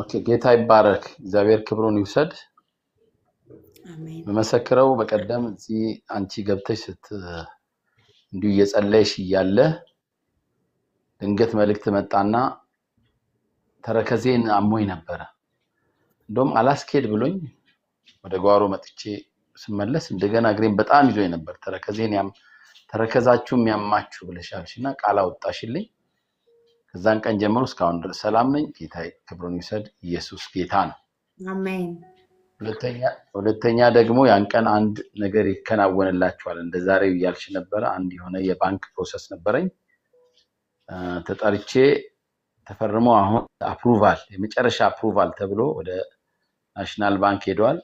ኦኬ ጌታ ይባረክ። እግዚአብሔር ክብሩን ይውሰድ። መመሰክረው በቀደም እዚህ አንቺ ገብተሽ ስት እንዲሁ እየጸለይሽ እያለ ድንገት መልእክት መጣና ተረከዜን አሞኝ ነበረ። እንደውም አላስኬድ ብሎኝ ወደ ጓሮ መጥቼ ስመለስ እንደገና እግሬን በጣም ይዞኝ ነበር። ተረከዜን ተረከዛችሁም ያማችሁ ብለሻልሽ እና ቃል አወጣሽልኝ። ከዛን ቀን ጀምሮ እስካሁን ድረስ ሰላም ነኝ። ጌታ ክብሩን ይውሰድ። ኢየሱስ ጌታ ነው። ሁለተኛ ደግሞ ያን ቀን አንድ ነገር ይከናወንላችኋል። እንደ ዛሬው እያልሽ ነበረ። አንድ የሆነ የባንክ ፕሮሰስ ነበረኝ። ተጠርቼ ተፈርሞ አሁን አፕሩቫል የመጨረሻ አፕሩቫል ተብሎ ወደ ናሽናል ባንክ ሄደዋል።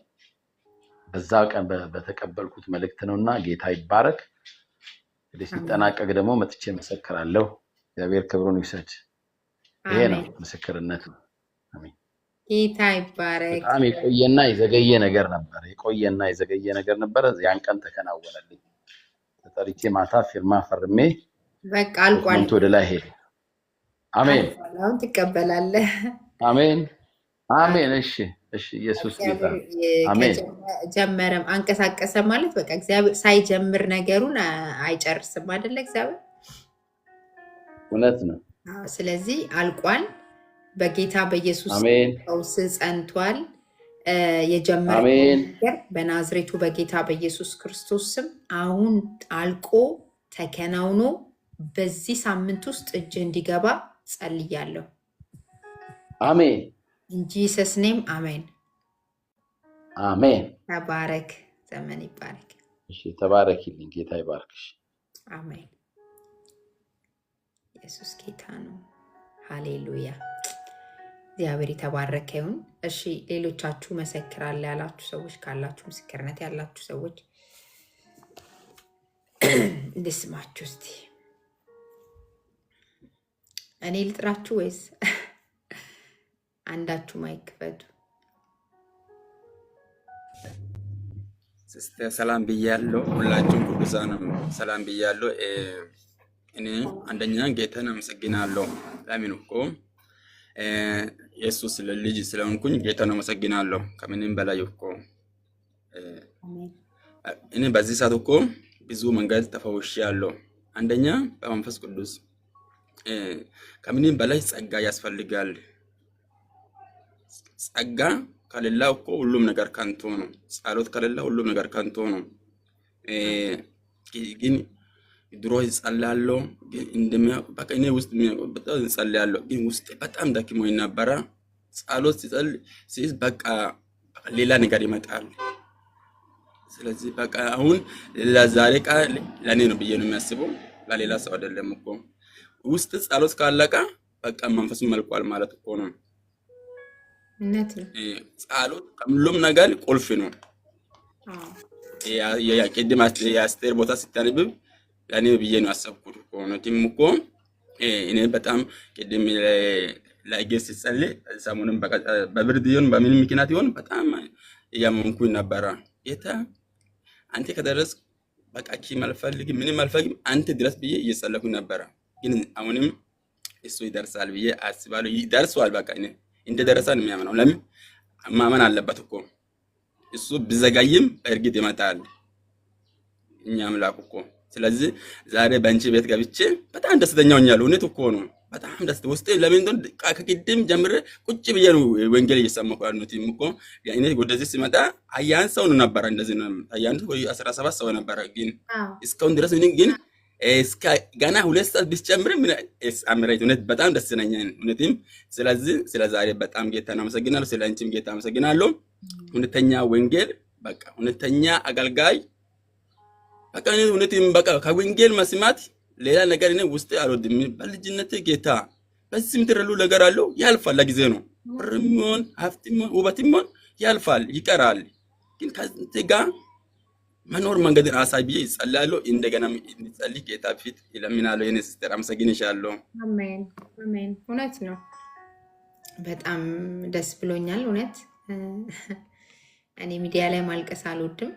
በዛ ቀን በተቀበልኩት መልእክት ነው እና ጌታ ይባረክ። ሲጠናቀቅ ደግሞ መጥቼ መሰክራለሁ። እግዚአብሔር ክብሩን ይውሰድ። ይሄ ነው ምስክርነት ነው። ጌታ ይባረክ። በጣም የቆየና የዘገየ ነገር ነበር። የቆየና የዘገየ ነገር ነበረ። ያን ቀን ተከናወነልኝ። ተጠሪቼ ማታ ፊርማ ፈርሜ በቃ አልቋል። ወደ ላይ ሄደ። አሜን። አሁን ትቀበላለህ። አሜን፣ አሜን። እሺ፣ እሺ። ኢየሱስ ጌታ አሜን። ጀመረም አንቀሳቀሰ ማለት በቃ እግዚአብሔር ሳይጀምር ነገሩን አይጨርስም አይደለ? እግዚአብሔር እውነት ነው። ስለዚህ አልቋል። በጌታ በኢየሱስ ውስ ጸንቷል። የጀመረ በናዝሬቱ በጌታ በኢየሱስ ክርስቶስ ስም አሁን አልቆ ተከናውኖ በዚህ ሳምንት ውስጥ እጅ እንዲገባ ጸልያለሁ። አሜን። ኢንጂሰስ ኔም አሜን። አሜን። ተባረክ። ዘመን ይባረክ። ተባረክልኝ። ጌታ ይባርክሽ። አሜን። ኢየሱስ ጌታ ነው። ሃሌሉያ እግዚአብሔር የተባረከ ይሁን። እሺ ሌሎቻችሁ መሰክራለ ያላችሁ ሰዎች ካላችሁ ምስክርነት ያላችሁ ሰዎች ልስማችሁ እስቲ። እኔ ልጥራችሁ ወይስ አንዳችሁ ማይክ ሰላም ብያለሁ። ሁላችሁም ቅዱሳንም ሰላም ብያለሁ። እኔ አንደኛ ጌታን አመሰግናለሁ። ለምን እኮ ኢየሱስ ልጅ ስለሆንኩኝ ጌታን አመሰግናለሁ ከምንም በላይ እኮ። እኔ በዚህ ሰዓት እኮ ብዙ መንገድ ተፈውሽ ተፈውሻለሁ። አንደኛ በመንፈስ ቅዱስ ከምንም በላይ ጸጋ ያስፈልጋል። ጸጋ ከሌላ እኮ ሁሉም ነገር ከንቱ ነው። ጸሎት ከሌላ ሁሉም ነገር ከንቱ ነው ግን ድሮ ይጸልያለሁ ግን በቃ እኔ ውስጥ በጣም ይጸልያለሁ፣ ግን ውስጥ በጣም ደክሞኝ ነበረ። ጸሎት ሲጸልይ በቃ ሌላ ነገር ይመጣል። ስለዚህ በቃ አሁን ለዛሬ ቃ ለእኔ ነው ብዬ ነው የሚያስበው፣ ለሌላ ሰው አይደለም እኮ። ውስጥ ጸሎት ካለቀ በቃ መንፈሱ መልቋል ማለት እኮ ነው። እነት ጸሎት ከምሎም ነገር ቁልፍ ነው። ቅድም የአስቴር ቦታ ሲታንብብ እኔ ብዬ ነው ያሰብኩት እኮ እውነትም እኮ እኔ በጣም ቅድም ላይጌ ሲጸልይ ሰሞኑን በብርድ ይሁን በምን ምክንያት ይሁን በጣም እያመንኩኝ ነበረ። ጌታ አንተ ከደረስ በቃ ኪም አልፈልግም ምንም አልፈልግም አንተ ድረስ ብዬ እየጸለኩኝ ነበረ። ግን አሁንም እሱ ይደርሳል ብዬ አስባለሁ። ይደርሰዋል። በቃ እኔ እንደደረሰ ነው የሚያምነው። ለምን ማመን አለበት እኮ እሱ ቢዘጋይም በእርግጥ ይመጣል። እኛ አምላክ እኮ ስለዚህ ዛሬ በአንቺ ቤት ገብቼ በጣም ደስተኛ ሆኛለሁ። እውነት እኮ ነው። በጣም ደስ ውስጥ ለምን እንደሆነ ከቅድም ጀምሬ ቁጭ ብዬ ነው ወንጌል እየሰማሁ ያሉት። እኮ እኔ ወደዚህ ሲመጣ አያን ሰው ነው ነበረ እንደዚህ ነው አያን ወይ አስራ ሰባት ሰው ነበረ። ግን እስካሁን ድረስ ምን ግን እስከ ገና ሁለት ሰዓት ብትጨምር ምን አምራይት እውነት በጣም ደስ ነኝ እውነትም። ስለዚህ ስለ ዛሬ በጣም ጌታን አመሰግናለሁ። ስለ አንቺም ጌታ አመሰግናለሁ። እውነተኛ ወንጌል በቃ እውነተኛ አገልጋይ በቃ እኔ እውነት በቃ ከወንጌል መስማት ሌላ ነገር እኔ ውስጥ አልወድም። በልጅነት ጌታ በዚህ ምድር ያሉ ነገር አለው ያልፋል። ለጊዜ ነው ሆን ሆን ሀብትሚሆን ሆን ያልፋል ይቀራል። ግን ከዚህ ጋር መኖር መንገድ ራሳይ ብዬ ይጸላለሁ። እንደገና እንጸልይ ጌታ ፊት ይለምናለሁ። የኔ ሲስተር አመሰግንሻለሁ። አሜን አሜን። እውነት ነው። በጣም ደስ ብሎኛል። እውነት እኔ ሚዲያ ላይ ማልቀስ አልወድም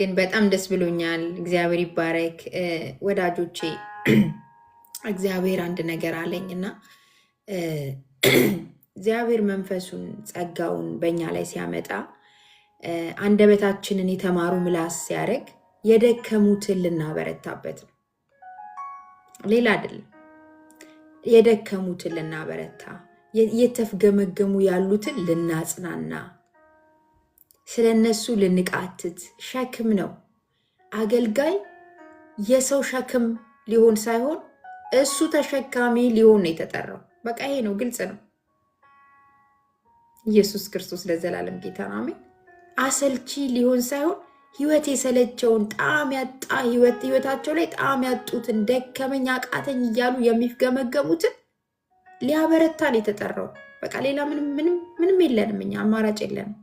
ግን በጣም ደስ ብሎኛል። እግዚአብሔር ይባረክ ወዳጆቼ። እግዚአብሔር አንድ ነገር አለኝ እና እግዚአብሔር መንፈሱን ጸጋውን በእኛ ላይ ሲያመጣ አንደበታችንን የተማሩ ምላስ ሲያደርግ የደከሙትን ልናበረታበት ነው። ሌላ አይደለም። የደከሙትን ልናበረታ፣ የተፍገመገሙ ያሉትን ልናጽናና ስለ እነሱ ልንቃትት ሸክም ነው። አገልጋይ የሰው ሸክም ሊሆን ሳይሆን እሱ ተሸካሚ ሊሆን ነው የተጠራው። በቃ ይሄ ነው፣ ግልጽ ነው። ኢየሱስ ክርስቶስ ለዘላለም ጌታ ነው። አሜን። አሰልቺ ሊሆን ሳይሆን ህይወት የሰለቸውን ጣም ያጣ ህይወት ህይወታቸው ላይ ጣዕም ያጡትን ደከመኝ አቃተኝ እያሉ የሚገመገሙትን ነው የተጠራው። በቃ ሌላ ምንም ምንም የለንም እኛ አማራጭ የለንም።